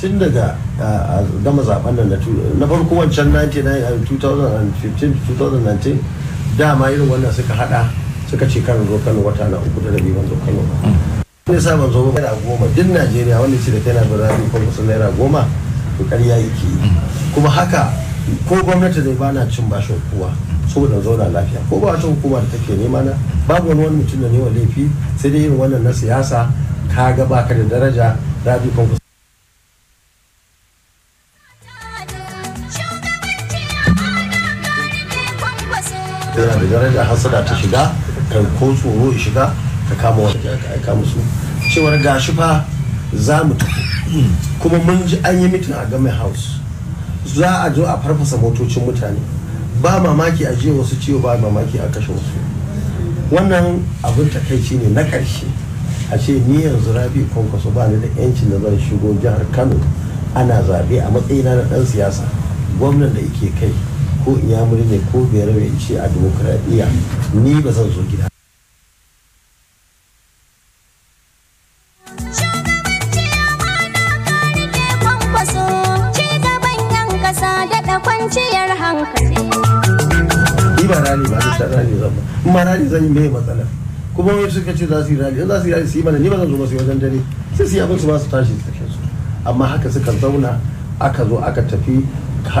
tun daga gama zaben nan na farko wancan 2015-2019 dama irin wannan suka hada suka ce kan zo kano wata na uku da rabi wanzu kano ba ne sa ban zo ba naira goma duk najeriya wanda ce da kai na bin rabi ko kusan naira goma to karya yake kuma haka ko gwamnati zai bana cin bashin kowa saboda zauna lafiya ko ba wata hukuma da take nema na babu wani wani mutum da ne wa laifi sai dai yin wannan na siyasa ka ga ka da daraja rabi kwan yana da daraja hasada ta shiga kan ko tsoro ya shiga ta kama wani aka aika musu cewar gashi fa za mu tafi kuma mun ji an yi mitin a game house za a zo a farfasa motocin mutane ba mamaki a je wasu ciwo ba mamaki a kashe wasu wannan abin takaici ne na ƙarshe a ce ni yanzu rabi kwankwaso ba ni da yancin da zan shigo jihar kano ana zaɓe a matsayina na ɗan siyasa gwamnan da yake kai ko iyamuri ne ko biyar mai ce a demokradiyya ni ba zan zo gida ba rani ba ta rani zan ba ma zan yi mai matsala kuma wani suka ce za su yi rani za su yi rani su yi mana ni ba zan zo ba su yi wajen dare sai su yi abin su ba su tashi su kashe su amma haka suka zauna aka zo aka tafi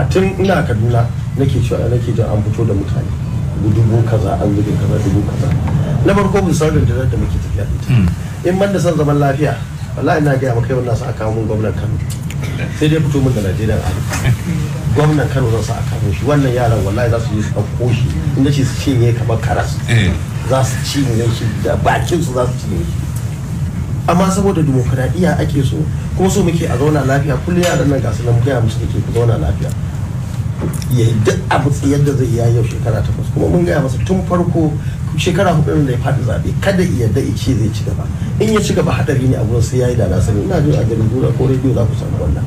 tun ina kaduna nake cewa nake jin an fito da mutane dubu kaza an zube kaza dubu kaza na farko mun saurin da da muke tafiya da hmm. in ban da son zaman lafiya wallahi ina gaya maka yau na sa aka mun gwamnan kano sai dai fito min da najeriya a gwamnan kano zan sa aka mun shi wannan yaran wallahi za su yi su ɗauko shi inda shi su cinye kamar karas eh. za su cinye shi da bakin su za su cinye shi amma saboda dimokuraɗiyya ake so kuma so muke a zauna lafiya kullum yaran nan gasu nan gaya musu ke zauna lafiya ya yi duk abu yadda zai yi yau shekara takwas kuma mun gaya masa tun farko shekara hudu da ya faɗi zaɓe kada ya yarda ya ce zai ci gaba in ya ci gaba haɗari ne a gurin sai ya yi da na sani ina jin a jaridu ko rediyo za ku samu wannan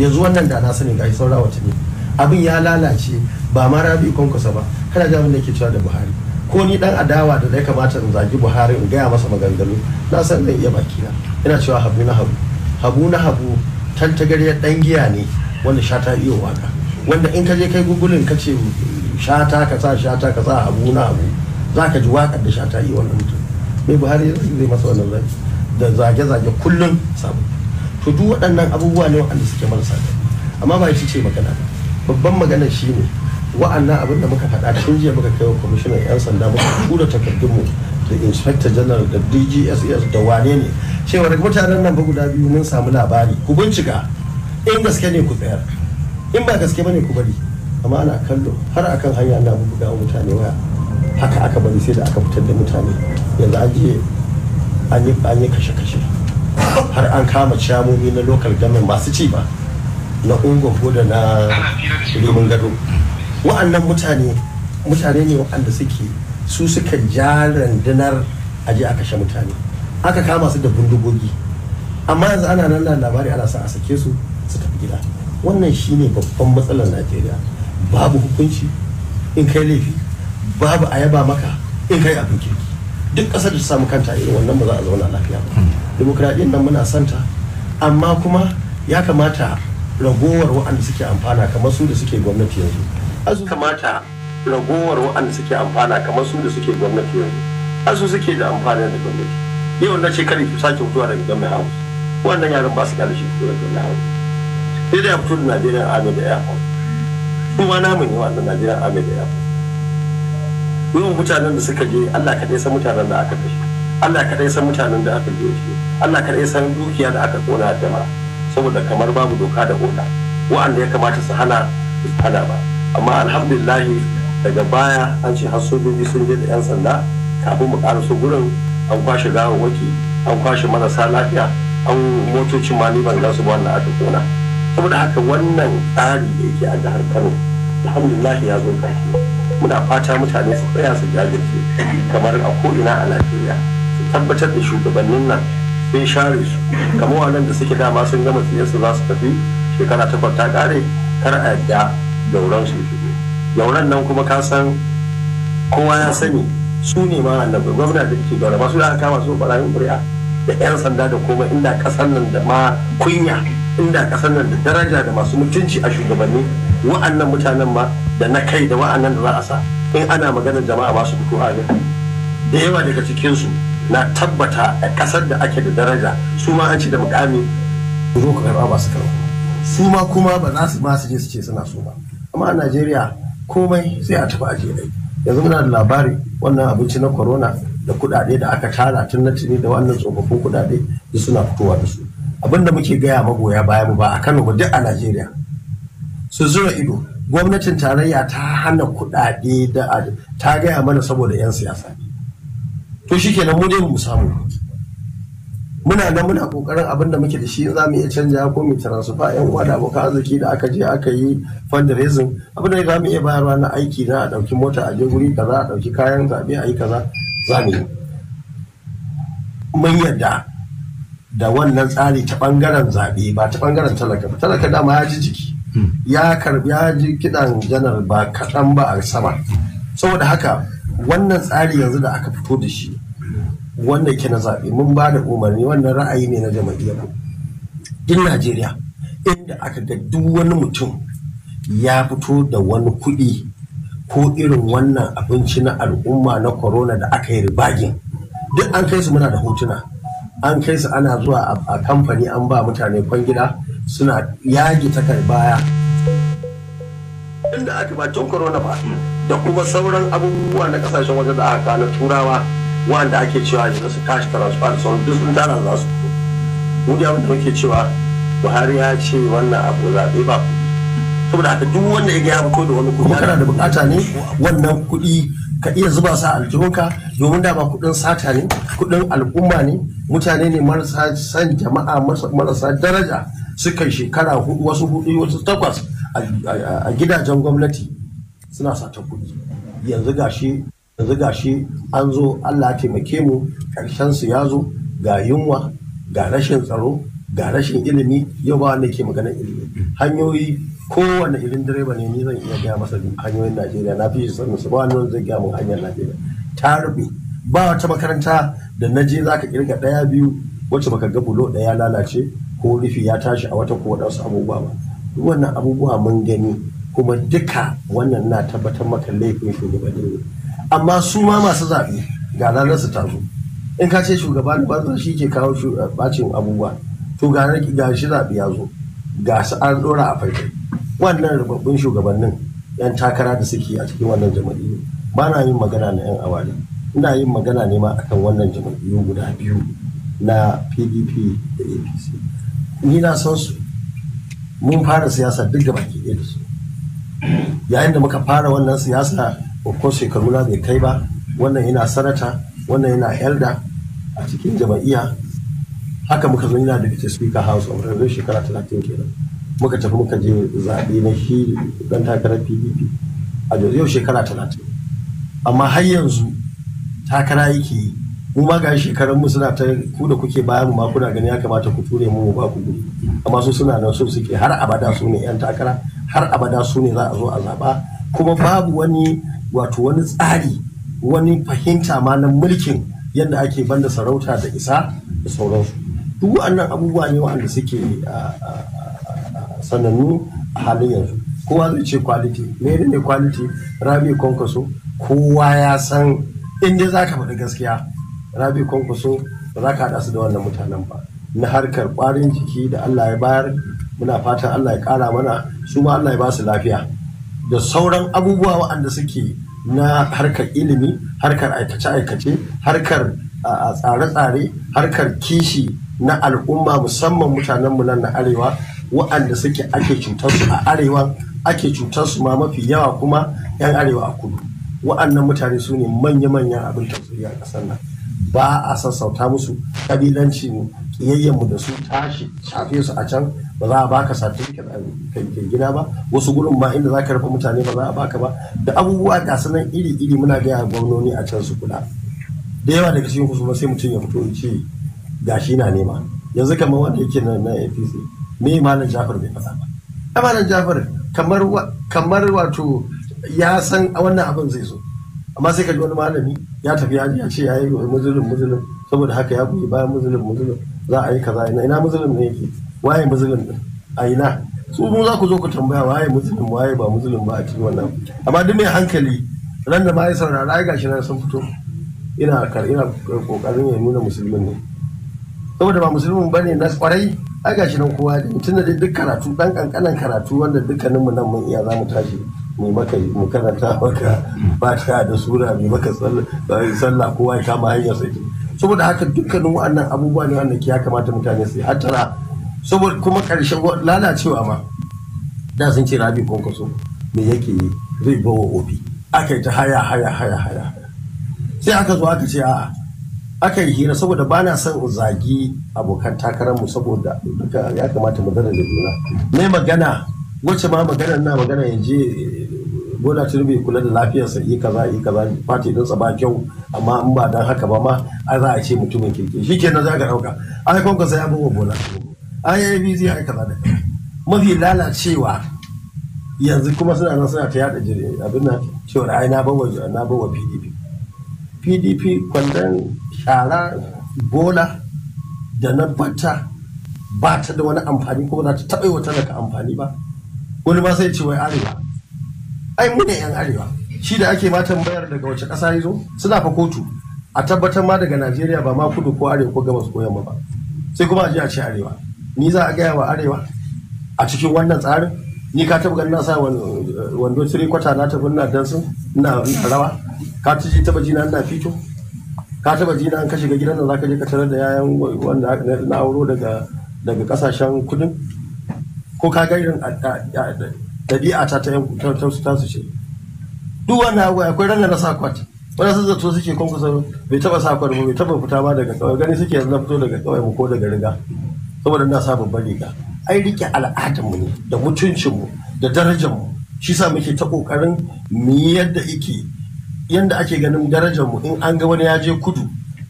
yanzu wannan da na sani gashi saura ne abin ya lalace ba ma rabi kwankwasa ba kada ga ne da ke cewa da buhari ko ni dan adawa da zai kamata in zagi buhari in gaya masa maganganu na san zai iya bakina ina cewa habu na habu habu na habu ya dan giya ne wanda sha ta iya waka wanda in ka je kai gugulin ka ce ta ka sa ta ka sa habu na habu za ka ji wakar da sha ta iya wannan mutum mai buhari zai masa wannan zai da zage-zage kullum sabu to duk waɗannan abubuwa ne waɗanda suke marasa amma ba ya ce magana ba babban magana shine ne wa'annan abin da muka faɗa tun jiya muka kai wa kwamishinan 'yan sanda muka tura takardunmu da inspector general da dgss da wane ne cewa daga mutanen nan ba guda biyu mun samu labari ku bincika in gaske ne ku tsayar in ba gaske bane ku bari amma ana kallo har akan hanya ana buga mutane waya haka aka bari sai da aka fitar da mutane yanzu an je an yi kashe-kashe har an kama ciyamomi na local government masu ci ba na ungo da na limin gado wa'annan mutane mutane ne wa'anda suke su suka ja rundunar aje a kashe mutane aka kama su da bindigogi amma yanzu ana nan da labari ana sa a sake su su tafi gida wannan shine babban matsalar najeriya babu hukunci in kai laifi babu a yaba maka in kai abin kirki duk ƙasar da ta samu kanta irin wannan ba za a zauna lafiya ba hmm. demokradiyyar nan muna santa amma kuma ya kamata ragowar waɗanda suke amfana kamar su da suke gwamnati yanzu asu kamata ragowar waɗanda suke amfana kamar su da suke gwamnati yanzu asu suke da amfana da gwamnati yau na ce kare ki sake fitowa daga gwamnati hausa wannan yaran ba su kare shi fito daga gwamnati hausa sai da ya fito da najeriya ame da airport su ma namu ne wannan najeriya ame da airport yawan mutanen da suka je allah kaɗai san mutanen da aka kashe allah kaɗai san mutanen da aka je shi allah kaɗai san dukiya da aka kona da saboda kamar babu doka da oda wa'anda ya kamata su hana su hana ba amma alhamdulillah daga baya an ce har sojoji sun je da 'yan sanda kafin mu su gurin an kwashe gawawwaki an kwashe marasa lafiya an motocin ma ni ban za su ba wannan aka kona saboda haka wannan tsari da yake a jihar kano alhamdulillah ya zo kashi muna fata mutane su tsaya su jajirce kamar a ko'ina a najeriya su tabbatar da shugabannin nan sun share su kamar wannan da suke dama sun gama su za su tafi shekara takwas ta kare kar a yadda yauran shi yauran nan kuma ka san kowa ya sani su ne ma annabi gwamna da ke dole masu da aka kama su barayin ƙuri'a da 'yan sanda da kuma inda kasan nan da ma kunya inda kasan nan da daraja da masu mutunci a shugabanni wa'annan mutanen ma da na kai da wa'annan da za a sa in ana maganar jama'a ba su fito a da yawa daga cikinsu na tabbata a kasar da ake da daraja su ma an ci da mukami zo ka karɓa ba su karɓa su ma kuma ba za su ma su je su ce suna so ba amma a najeriya komai sai a tafi ajiye dai yanzu muna da labari wannan abinci na corona da kudade da aka tara tun na tuni da wannan tsofaffin kudade da suna fitowa da su abinda muke gaya magoya baya mu ba a kano ba duk a najeriya su zura ido gwamnatin tarayya ta hana kudade da ta gaya mana saboda 'yan siyasa to shi shikenan mu dai mu samu muna nan muna kokarin abin da muke da shi za mu iya canja ko mu transfer yan uwa da abokan arziki da aka je aka yi fundraising abin da za mu iya bayarwa na aiki na a dauki mota a je guri kaza a dauki kayan zabe a yi kaza za mu yi mun yarda da wannan tsari ta bangaren zabe ba ta bangaren talaka ba talaka dama ya ji jiki hmm. ya karbi ya ji kidan janar ba kaɗan ba a sama hmm. saboda haka wannan tsari yanzu da aka fito da shi wanda ke na zaɓe mun ba da umarni wannan ra'ayi ne na jama'iyyar duk najeriya inda aka ga duk wani mutum ya fito da wani kuɗi ko irin wannan abinci na al'umma na corona da aka yi ribagin duk an kai su muna da hotuna an kai su ana zuwa a kamfani an ba mutane kwangila suna yagi ta baya inda aka ba tun corona ba da kuma sauran abubuwa na kasashen waje da aka na turawa wanda ake cewa yanzu su tashi transfer sun duk sun tara za su mu da muke cewa buhari ya ce wannan abu zaɓe ba saboda haka duk wanda ya ya fito da wani kuɗi kana da bukata ne wannan kuɗi ka iya zuba sa aljihunka domin da ba kuɗin sata ne kuɗin al'umma ne mutane ne marasa san jama'a marasa daraja suka shekara hudu wasu hudu wasu takwas a gidajen gwamnati suna sata kuɗi yanzu gashi yanzu ga shi an zo Allah ya taimake mu karshen su ya zo ga yunwa ga rashin tsaro ga rashin ilimi yau ba wanda ke maganar ilimi hanyoyi kowane irin direba ne ni zan iya gaya masa hanyoyin Najeriya na fi shi sanin su ba wanda zai gaya mun hanyar Najeriya ta rufe ba wata makaranta da na je zaka kirga ɗaya biyu wacce baka ga bulo ɗaya lalace ko rufi ya tashi a wata ko waɗansu abubuwa ba duk wannan abubuwa mun gani kuma duka wannan na tabbatar maka laifin shugabanni ne amma su ma masu zaɓe ga ranar su tazo in ka ce shugaban ba shi ke kawo bacin eh, abubuwa to ga shi zaɓe ya zo ga su an ɗora a faifai wannan rubabbun shugabannin yan takara da suke a cikin wannan ne. ba na yin magana na yan awali ina yin magana ne ma akan wannan jam'iyyu guda biyu na pdp da apc ni na san su mun fara siyasa duk da baki ɗaya da su yayin da muka fara wannan siyasa ko shekaru na bai kai ba wannan yana sanata wannan yana elda a cikin jama'iya haka muka zo yana daga speaker house of yanzu shekara talatin kenan muka tafi muka je zaɓe na shi dan takarar pdp a yau shekara talatin amma har yanzu takara yake yi mu ma ga shekarun mu suna ta ku da kuke bayan mu ma kuna gani ya kamata ku ture mu ba ku guri amma su suna nan su suke har abada su ne yan takara har abada su ne za a zo a zaɓa kuma babu wani wato wani tsari wani fahimta ma na mulkin yadda ake banda sarauta da isa da sauransu duk wa'annan abubuwa ne wa'anda suke sanannu a halin yanzu kowa zai ce kwaliti? mene ne quality rabi kwankwaso kowa ya san inda za ka faɗi gaskiya rabi kwankwaso ba za ka haɗa su da wannan mutanen ba na harkar ƙwarin jiki da allah ya bayar muna fatan Allah ya kara mana su ma Allah ya ba su lafiya da sauran abubuwa waɗanda suke na harkar ilimi harkar aikace-aikace harkar tsare-tsare harkar kishi na al'umma musamman mutanen nan na arewa waɗanda suke ake cutarsu a arewa ake cutarsu ma mafi yawa kuma 'yan arewa a kudu waɗannan mutane su ne manya-manyan abin tausayi a ƙasar nan ba a sassauta musu ƙabilanci kiyayyen da su tashi shafe su a can ba za a baka certificate a gida ba wasu gurin ma inda za ka rufe mutane ba za a baka ba da abubuwa ga sanan iri iri muna a gwamnoni a can su kula da yawa daga cikin kusurwa sai mutum ya fito ya ce shi na nema yanzu kamar wanda yake na na APC me malam Jafar bai faɗa ba malam Jafar kamar kamar wato ya san wannan abin zai zo amma sai ka ji wani malami ya tafi ya ce ya yi muzulun muzulun saboda haka ya goyi bayan muzulun muzulun za a yi kaza ina ina musulun ne yake waye musulun din a ina su mu za ku zo ku tambaya waye musulun waye ba musulun ba a cikin wannan amma duk mai hankali ran da ma ya saurara ai gashi nan sun fito ina kar ina kokarin ya nuna musulmin ne saboda ba musulmin bane na kwarai ai gashi nan kowa ne tun da duk karatu dan kankanan karatu wanda dukkaninmu nan mun iya za mu tashi mai maka mu karanta maka ta da sura mai maka eh, sallah kowa ya kama hanyar sai saboda haka dukkanin waɗannan abubuwa ne wanda ya kamata mutane su hattara saboda kuma karshen lalacewa ma da sun ce rabi kwankwaso me yake yi zai bawa obi aka yi ta haya haya haya haya sai aka zo aka ce a aka yi hira saboda ba na son zagi abokan mu saboda duka ya kamata magana da juna mai magana wacce ma magana na magana yanzu bola bai kula da lafiyarsa yi kaza yi kaza fati din ba kyau amma in ba dan haka ba ma ai za a ce mutumin kirki nan za ka dauka ai kon ka sai abubuwa bola ai ai bizi ai kaza da mafi lalacewa yanzu kuma suna nan suna ta yada jiri abin nan cewa ai na bawa na bawa PDP PDP kwandon shara bola da na bata ba ta da wani amfani kuma za ta taɓa yi wata daga amfani ba wani ba sai ce wai arewa ai mu ne yan arewa shi da ake matan bayar daga wace ƙasa ya zo suna fa kotu a tabbatar ma daga najeriya ba ma kudu ko arewa ko gabas ko yamma ba sai kuma a a ce arewa ni za a gaya wa arewa a cikin wannan tsarin ni ka taɓa ganin na sa wando tire kwata na tafi na dansin ina rawa ka ci taɓa jina na fito ka taɓa jina an kashe ga gidan da zaka ka je ka tarar da yayan wanda na auro daga daga kasashen kudin ko ka ga irin ɗabi'a ta ta ta su ce duk wannan abu akwai ranar na sakwat wani sun zato suke kwankwasa bai taba sakwat ba bai taba fita ba daga kawai gani suke yanzu na fito daga kawai mu ko daga riga saboda na sa babban riga ai rike mu ne da mutuncin mu da darajarmu shi sa muke ta kokarin mu yadda ike yadda ake ganin darajar mu in an ga wani ya je kudu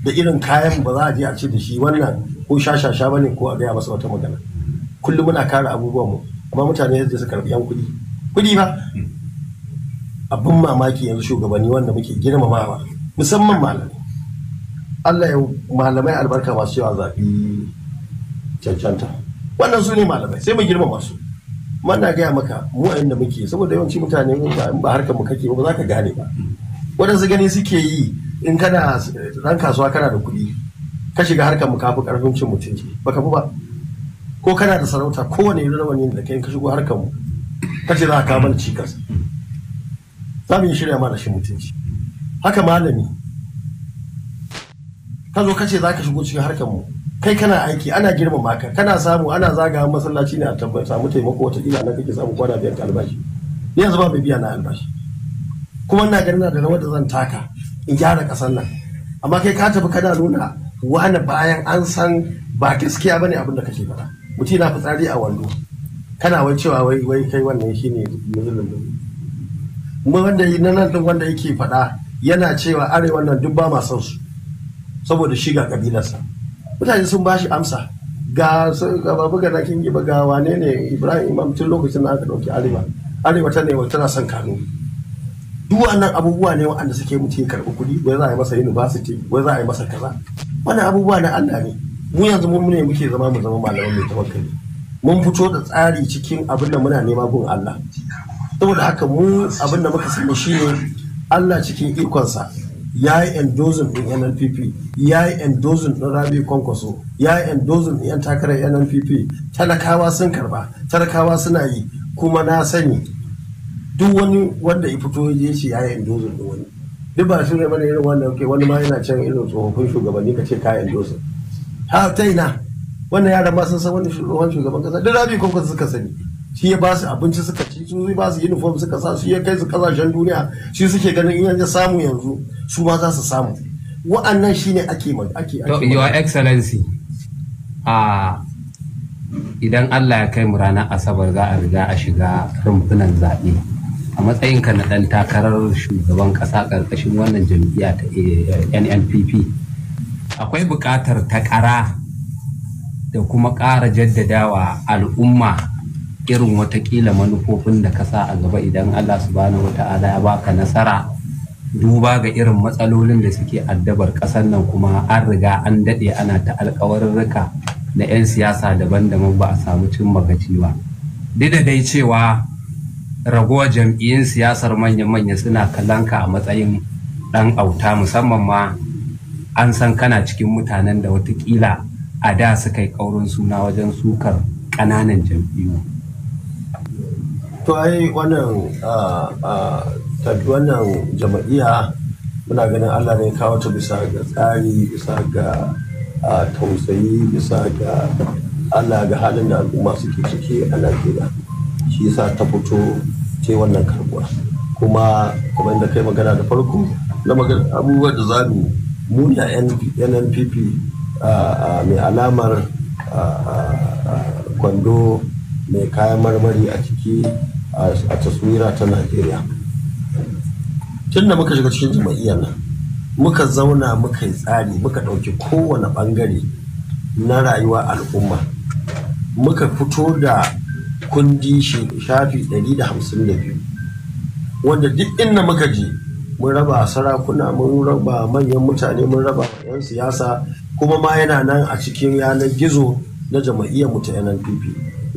da irin kayan ba za a je a ce da shi wannan ko shashasha bane ko a gaya masa wata magana kullum muna kare abubuwan mu kuma mutane da su karɓi yan kuɗi kuɗi ba abin mamaki yanzu shugabanni wanda muke girmamawa musamman malamai Allah ya malamai albarka masu yawa zaɓi cancanta wannan su ne malamai sai mu girmama su mana gaya maka mu a inda muke saboda yawanci mutane ba harkar mu kake ba za ka gane ba waɗansu gani suke yi in kana ɗan kasuwa kana da kuɗi ka shiga harkar mu kafi ƙarfin cin mutunci baka fi ba ko kana da sarauta kowane irin rawani da kai ka shigo harkar mu ka ce za ka mana cikas za mu yi shirya ma shi mutunci haka malami ka zo ka ce za ka shigo cikin harkar mu kai kana aiki ana girmama ka kana samu ana zaga masallaci ne a tabbata samu taimako wata kila na kake samu kwana biyan albashi ni yanzu ba mai biya na albashi kuma ina ganin da rawar da zan taka in gyara kasar nan amma kai ka tafi kana nuna wani bayan an san ba gaskiya bane abin da kake faɗa mutum na fitsari a wando kana wai cewa wai wai kai wannan shine musulun mu wanda na nan din wanda yake faɗa yana cewa are wannan duk ba su saboda shi ga kabilarsa mutane sun bashi amsa ga ga babu ga nakin giba ga wane ne Ibrahim Imam tun lokacin da aka dauki arewa arewa ta ne tana son Kano duk wannan abubuwa ne waɗanda suke mutum ya karɓi kuɗi wai za a yi masa university wai za a yi masa kaza wannan abubuwa na Allah ne mu yanzu mun ne muke zama mu zama malaman mai tawakkali mun fito da tsari cikin abin da muna nema gun Allah saboda haka mu abin da muka sani shine Allah cikin ikonsa ya yi endozin ɗin NNPP ya yi endozin din Rabi Kwankwaso ya yi endozin din 'yan takarar NNPP talakawa sun karba talakawa suna yi kuma na sani duk wani wanda ya fito ya ce ya yi endozin din wani duk ba shi ne mana irin wannan wani ma yana can irin tsofaffin shugabanni ka ce ka endozin a ta ina wannan yara ma sun san wani shugaban shugaban kasa duk rabi kwakwata suka sani shi ya ba su abinci suka ci su ba su uniform suka sa shi ya kai su kasashen duniya shi suke ganin in yanzu samu yanzu su ma za su samu wa'annan shine ake ake to your excellency a idan Allah ya kai mu ranar asabar za a riga a shiga rumfunan zaɓe a matsayinka na ɗan takarar shugaban kasa ƙarƙashin wannan jam'iyya ta NNPP akwai buƙatar takara da kuma ƙara jaddadawa al'umma irin watakila manufofin da ka sa a gaba idan Allah subhanahu wata'ala ya baka nasara duba ga irin matsalolin da suke addabar ƙasar nan kuma an riga an daɗe ana ta rika na 'yan siyasa daban-daban ba a samu cin magaci ba duk da dai cewa ragowar jam'iyyun siyasar manya-manya suna kalanka a matsayin ɗan auta musamman ma an san kana cikin mutanen da watakila a da suka yi ƙaurin suna wajen sukar ƙananan jam'iyyu. to ai wannan wannan jama'iyya muna ganin allah ne kawo ta bisa ga tsari bisa ga tausayi bisa ga allah ga halin da al'umma suke ciki a najeriya shi yasa ta fito ce wannan karbuwa kuma kamar da kai magana da farko na abubuwan da za mu da nnpp mai alamar kwando mai kayan marmari a ciki a taswira ta najeriya tun da muka shiga cikin jama'iyyar nan muka zauna muka yi tsari muka ɗauki kowane ɓangare na rayuwa al'umma muka fito da kundi shafi 152 wanda duk inda muka je mun raba sarakuna mun raba manyan mutane mun raba 'yan siyasa kuma ma yana nan a cikin yanar gizo na jama'iyyar mu ta nnpp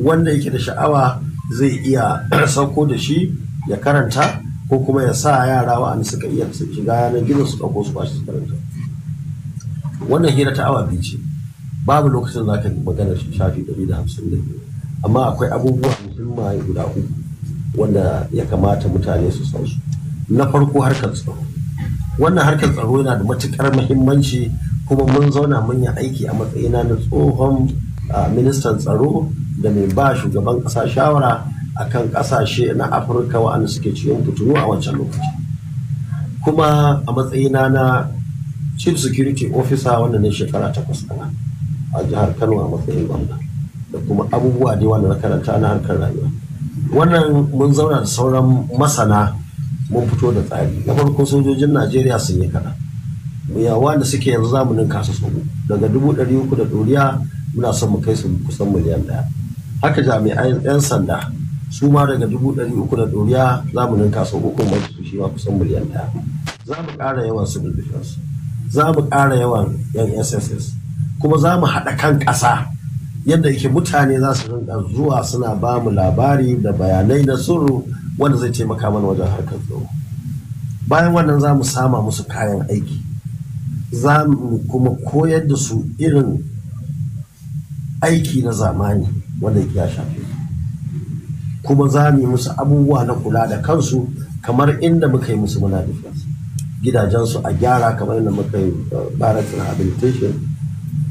wanda yake da sha'awa zai iya sauko da shi ya karanta ko kuma ya sa yara wa'anda suka iya shiga yanar gizo su ɗauko su bashi karanta wannan hira ta awa biyu ce babu lokacin za ka magana shafi ɗari da hamsin da biyu amma akwai abubuwa muhimma guda uku wanda ya kamata mutane su san su na farko harkar tsaro wannan harkar tsaro yana da matukar muhimmanci kuma mun zauna mun yi aiki a matsayina na tsohon ah, ministan tsaro da mai ba shugaban ƙasa shawara a kan ƙasashe na afirka wa'anda suke cikin fitinu a wancan lokaci kuma a matsayina na chief security officer wanda ne shekara takwas ɗana a jihar kano a matsayin gwamna da kuma abubuwa da yawa da na karanta na harkar rayuwa wannan mun zauna da sauran masana mun fito da tsari na farko sojojin najeriya sun yi kaɗan yawa da suke yanzu zamanin kasa tsoro daga dubu ɗari uku da ɗoriya muna son mu kai su kusan miliyan ɗaya haka jami'an 'yan sanda su ma daga dubu ɗari uku da ɗoriya zamanin kasa uku mai su shi ma kusan miliyan ɗaya za mu ƙara yawan civil defense za mu ƙara yawan yan sss kuma za mu haɗa kan ƙasa yadda yake mutane za su rinka zuwa suna ba mu labari da bayanai na sirru wanda zai taimaka mana wajen harkar tsaro bayan wannan za mu sama musu kayan aiki za mu kuma koyar da su irin aiki na zamani wanda ya shafe kuma za mu yi musu abubuwa na kula da kansu kamar inda muka yi musu muna gidajensu a gyara kamar inda muka yi uh, rehabilitation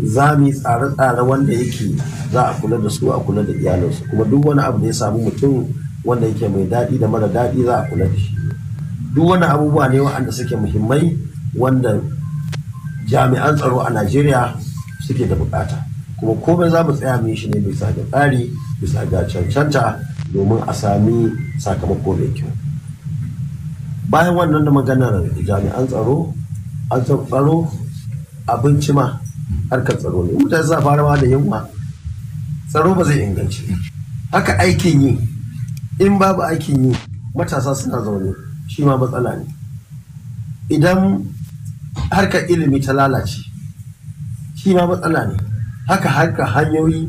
za mu yi tsare-tsare wanda yake za a kula da su a kula da iyalinsu kuma duk wani abu da ya samu mutum wanda yake mai daɗi da mara daɗi za a kula da shi duk wani abubuwa ne waɗanda suke muhimmai wanda jami'an tsaro a najeriya suke da bukata kuma komai za mu tsaya mu shi ne bisa ga tsari bisa ga cancanta domin a sami sakamako mai kyau bayan wannan da maganar jami'an tsaro an tsaro abinci ma harkar tsaro ne mutane za fara da yunwa tsaro ba zai inganci haka aikin yi in babu aikin yi matasa suna zaune shi ma matsala ne idan harkar ilimi ta lalace shi ma matsala ne haka harka hanyoyi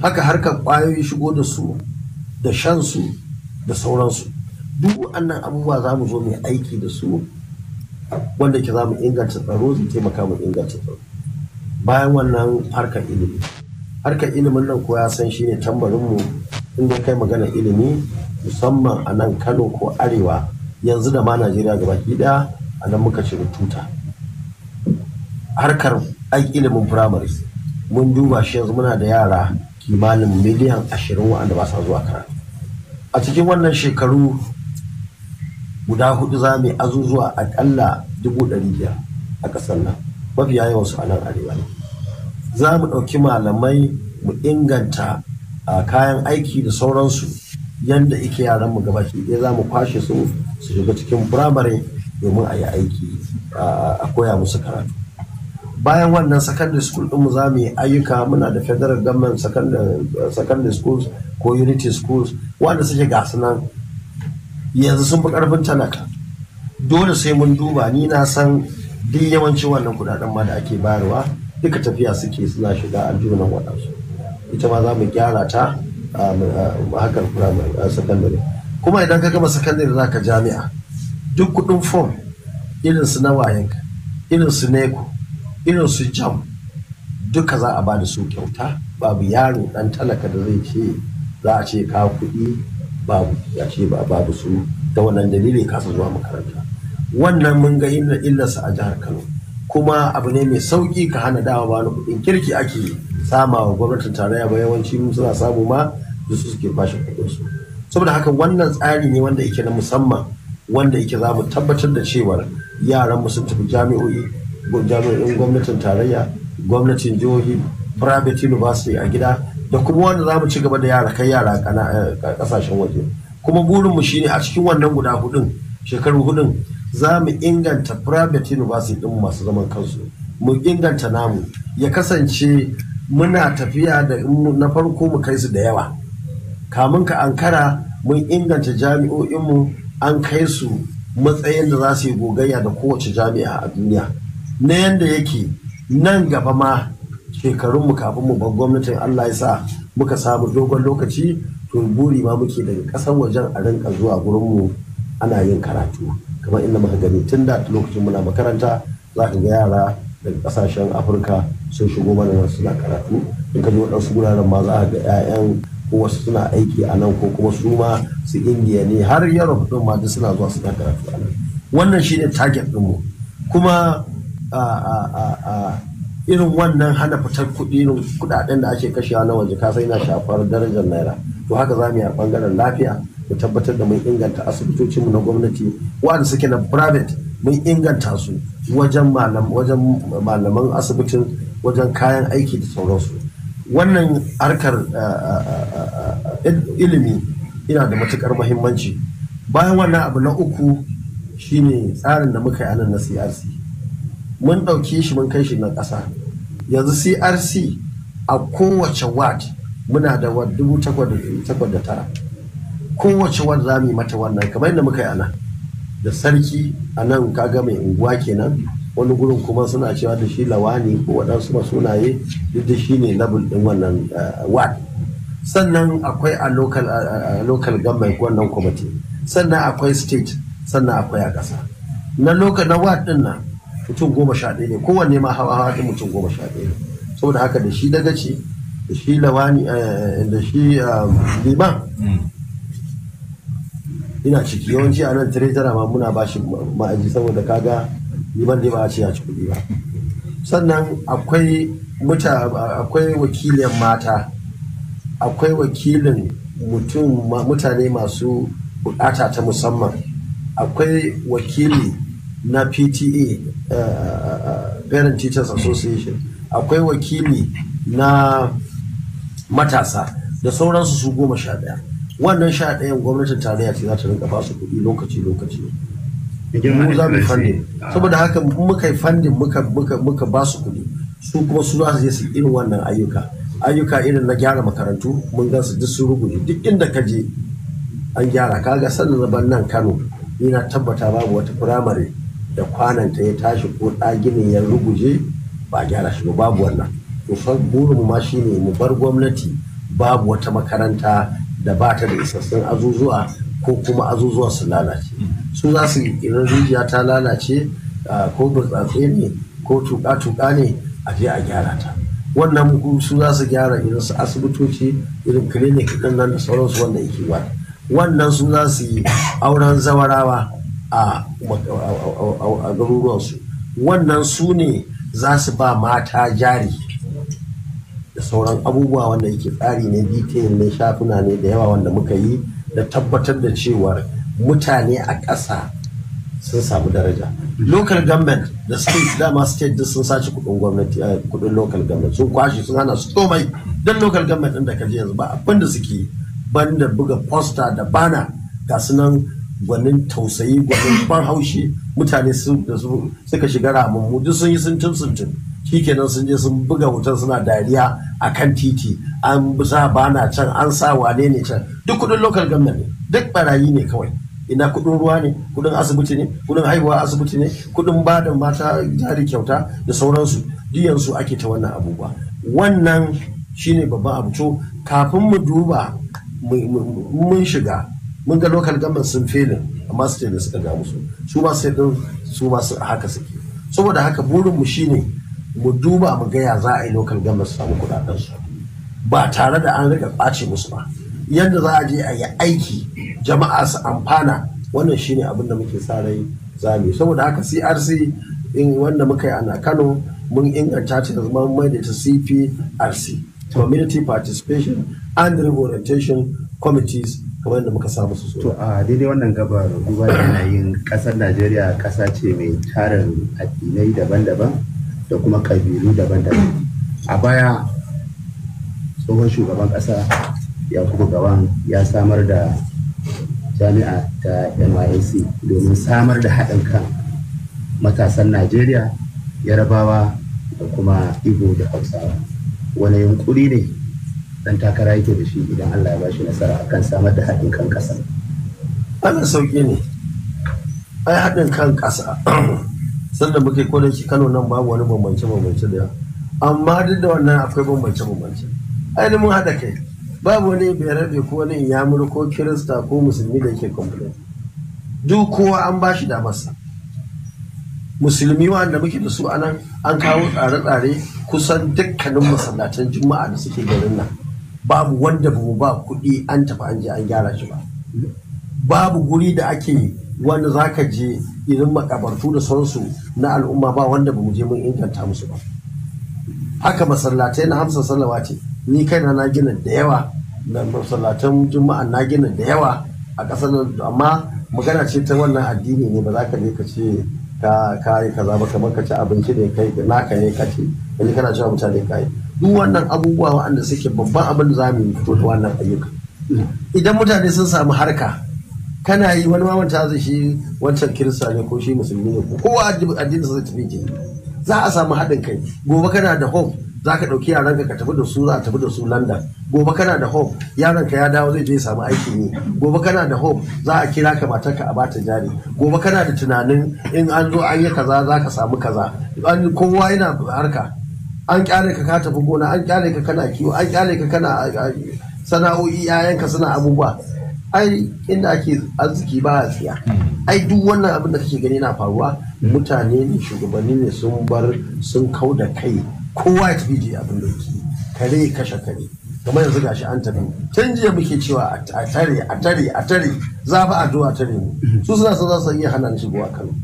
haka harkar ƙwayoyi shigo da su da shansu da sauransu duk wannan abubuwa za mu zo mai aiki da su wanda ke za mu inganta tsaro zai taimaka mu inganta tsaro bayan wannan harkar ilimi harkar ilimin nan ko ya san shi ne tambarinmu inda kai magana ilimi musamman a nan Kano ko Arewa yanzu da ma Najeriya gaba ɗaya a nan muka shiga tuta. Harkar ai ilimin firamare mun duba shi yanzu muna da yara kimanin miliyan ashirin waɗanda ba sa zuwa karatu. A cikin wannan shekaru guda hudu za mu azuzuwa akalla dubu ɗari biyar a ƙasar nan mafiya yawansu a nan arewa za mu ɗauki malamai mu inganta a kayan aiki da sauransu yadda ike yaran mu gaba ɗaya za mu kwashe su su shiga cikin firamare domin a yi aiki a koya musu karatu bayan wannan secondary school ɗinmu za mu yi ayyuka muna da federal government secondary schools ko unity schools wanda suke gasu nan yanzu sun fi ƙarfin talaka dole sai mun duba ni na san duk yawancin wannan kudaden ma da ake bayarwa duka tafiya suke suna shiga a junan waɗansu ita ma za mu gyara ta a hakan sakandare kuma idan ka gama sakandare za ka jami'a duk kudin fom irin su na wayanka irin su neko irin su jam duka za a ba da su kyauta babu yaro dan talaka da zai ce za a ce ka kuɗi babu ya ce babu su da wannan dalilin kasa zuwa makaranta wannan mun ga illarsa a jihar kano kuma abu ne mai sauƙi ka hana dawa ba kuɗin kirki ake yi sama wa gwamnatin tarayya ba yawanci suna samu ma su suke kwashe su. saboda haka wannan tsari ne wanda yake na musamman wanda yake za mu tabbatar da cewa yaran mu sun tafi jami'o'i jami'o'in gwamnatin tarayya gwamnatin jihohi private university a gida da kuma wanda za mu ci gaba da yara kai yara kasashen eh, waje kuma burinmu shine a cikin wannan guda hudun shekaru hudun za mu inganta private university din masu zaman kansu mu inganta namu ya kasance muna tafiya da na farko mu kai su da yawa kamun ka ankara mun inganta jami'o'inmu an kai su matsayin da za su yi gogayya da kowace jami'a a duniya na yadda yake nan gaba ma shekarunmu kafin mu bar gwamnatin allah ya sa muka samu dogon lokaci to buri ma muke daga ƙasar wajen a rinka zuwa gurin mu ana yin karatu kamar inda muka gani tun da lokacin muna makaranta za ka ga yara daga kasashen afirka sun shigo mana nan suna karatu in ka ji waɗansu guraren ma za a ga 'ya'yan ko wasu suna aiki a nan ko kuma su ma su indiya ne har yaro don ma suna zuwa suna karatu a nan wannan shine target mu. kuma irin wannan hana fitar kuɗi kuɗaɗen da ake kashewa na waje kasa yana shafar darajar naira to haka za mu yi a ɓangaren lafiya mu tabbatar da mun inganta asibitocinmu na gwamnati waɗanda suke na private mun inganta su wajen malaman asibitin wajen kayan aiki da sauransu wannan harkar ilimi ina da matukar mahimmanci bayan wannan abu na uku shine tsarin da muka yi anan na crc mun ɗauki shi mun kai shi na ƙasa yanzu crc a kowace ward muna da wad dubu kowace ward za mu yi mata wannan kamar yadda muka yi anan da sarki a nan kaga mai unguwa kenan wani gurin kuma suna cewa da shi lawani ko waɗansu sunaye, duk da shi ne labul ɗin wannan eh, ward sannan akwai a local a local government wannan kwamiti sannan akwai state sannan akwai a ƙasa na local na ward ɗin nan mutum goma sha ɗaya ne kowanne ma hawa hawa ɗin mutum goma sha ɗaya ne saboda haka da shi dagaci da shi lawani eh, da shi eh, liman hmm. ina ciki yawanci a nan tare tara ma muna bashi ma'aji saboda kaga liban dai ba a ce ya ci kuɗi ba sannan akwai muta akwai wakilin mata akwai wakilin mutum mutane masu bukata ta musamman akwai wakili na pta eh, eh, parent teachers association akwai wakili na matasa da sauransu su goma sha daya wannan sha ɗayan gwamnatin tarayya ce za ta rinka basu kuɗi lokaci lokaci mu za mu fandin saboda haka muka yi fandin muka ba su kuɗi su kuma su za su je su irin wannan ayyuka ayyuka irin na gyara makarantu mun ga su duk su rubuce duk inda ka je an gyara kaga sannan na ban Kano ina tabbata babu wata firamare da ta ya tashi ko ɗaginin ya ruguje ba gyara shi ba babu wannan to burin ma shine mu bar gwamnati babu wata makaranta da ba ta da isassun azuzuwa ko kuma azuzuwa su lalace su za su yi irin rijiya ta lalace ko burtsatse ne ko tuka-tuka ne a je a gyara ta wannan su za su gyara irin su asibitoci irin clinic din nan da sauransu wannan yake ba wannan su za su yi auren zawarawa a garuruwansu wannan su ne za su ba mata jari da sauran abubuwa wanda yake tsari ne detail ne shafuna ne da yawa wanda muka yi da tabbatar da cewar mutane a ƙasa sun samu daraja local government da state dama state duk sun sace kudin gwamnati eh, kudin local government sun kwashe sun hana su komai don local government din da kaje yanzu ba abin da suke da buga poster da bana ga sunan gwanin tausayi gwanin ban haushi mutane suka shiga ramin mu duk sun yi sun tun sun tun kenan sun je sun buga wutar suna dariya a kan titi an ba bana can an sa wane ne can duk kudin local government ne duk barayi ne kawai ina kudin ruwa ne kudin asibiti ne kudin haihuwa asibiti ne kudin bada mata jari kyauta da sauransu diyansu ake ta wannan abubuwa wannan shine babban abu to kafin mu duba mun shiga mun ga local government sun fele amma su da suka ga musu su sai haka suke saboda haka burin mu shine mu duba mu gaya za a yi local gama su samu su ba tare da an rika ɓace musu ba yadda za a je a yi aiki jama'a su amfana wannan shine abin da muke sa rai za saboda haka crc in wanda muka yi ana kano mun inganta ta da zama mai da ta cprc community participation and orientation committees kamar yadda muka samu su to a daidai wannan gabar duba yana yin kasar najeriya ƙasa ce mai tarin addinai daban-daban da kuma ƙabilu daban-daban a baya tsohon shugaban ƙasa ya kuma gaban ya samar da jami'a ta nysc domin samar da haɗin kan matasan najeriya yarabawa da kuma Ibo da hausawa wani yunkuri ne dan takara yake da shi idan allah ya ba shi nasara akan samar da haɗin kan ƙasa ana sauƙi ne ai haɗin kan ƙasa Sannan muke kone shi Kano nan babu wani bambance bambance da amma duk da wannan akwai bambance bambance ainihin mun hada kai babu wani da ko wani yamur ko kirista ko musulmi da yake complain duk kowa an ba shi damarsa musulmi wanda muke da su anan an kawo tsare-tsare kusan dukkanin masallatan juma'a da suke garin nan babu wanda ba ba kuɗi an tafi an je an gyara shi ba babu guri da ake wanda zaka je irin makabartu da sauransu na al'umma ba wanda ba mu je mun inganta musu ba haka masallatai na hamsa ce. ni kaina na gina da yawa na masallatan juma'a na gina da yawa a ƙasar nan amma magana ce ta wannan addini ne ba za ka je ka ce ka kai kaza ba kamar ka ci abinci ne kai naka ne ka ce ni kana cewa mutane kai duk wannan abubuwa waɗanda suke babban abin da za mu yi fito da wannan ayyuka idan mutane sun samu harka kana yi wani mamanta zai shi wancan kirista ne ko shi musulmi ne kowa addinin sa zai tafi ke za a samu haɗin kai gobe kana da hope za ka ɗauki yaranka ka tafi da su za a tafi da su london gobe kana da hope ka ya dawo zai je samu aiki ne gobe kana da hope za a kira ka matarka a bata jari gobe kana da tunanin in an zo an yi kaza za ka samu kaza kowa yana harka an kyale ka ka tafi gona an kyale ka kana kiwo an kyale ka kana sana'o'i 'ya'yanka suna abubuwa ai inda ake arziki ba a tsiya hmm. ai duk wannan abin da kake gani na faruwa mutane ne shugabanni ne sun bar sun kau da kai kowa ya tafi je abin da yake kare kashe kare kamar yanzu gashi an tafi tun jiya muke cewa a tare a tare a tare za ba a tare mu hmm. su suna son za su iya hana ni shigowa Kano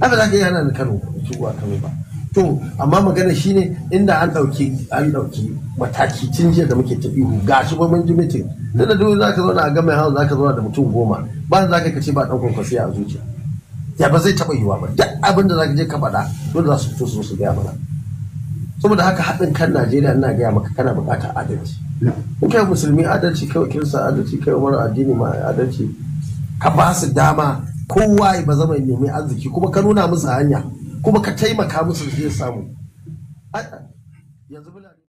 haka za ka iya hana ni Kano shigowa Kano ba to amma magana shine inda an ɗauki an ɗauki mataki tun jiya da muke tafi ga shi ba mun ji da da za zaka zauna a gama hawa zaka zauna da mutum goma ba za ka kace ba dan kwankwasi a zuciya ya ba zai taba yiwa ba duk abin da zaka je ka faɗa dole za su fito su su gaya mana saboda haka haɗin kan Najeriya ina gaya maka kana buƙatar adalci in kai musulmi adalci kai kirista adalci kai wani addini ma adalci ka ba su dama kowa ba zama nemi arziki kuma ka nuna musu hanya kuma ka taimaka musu su je samu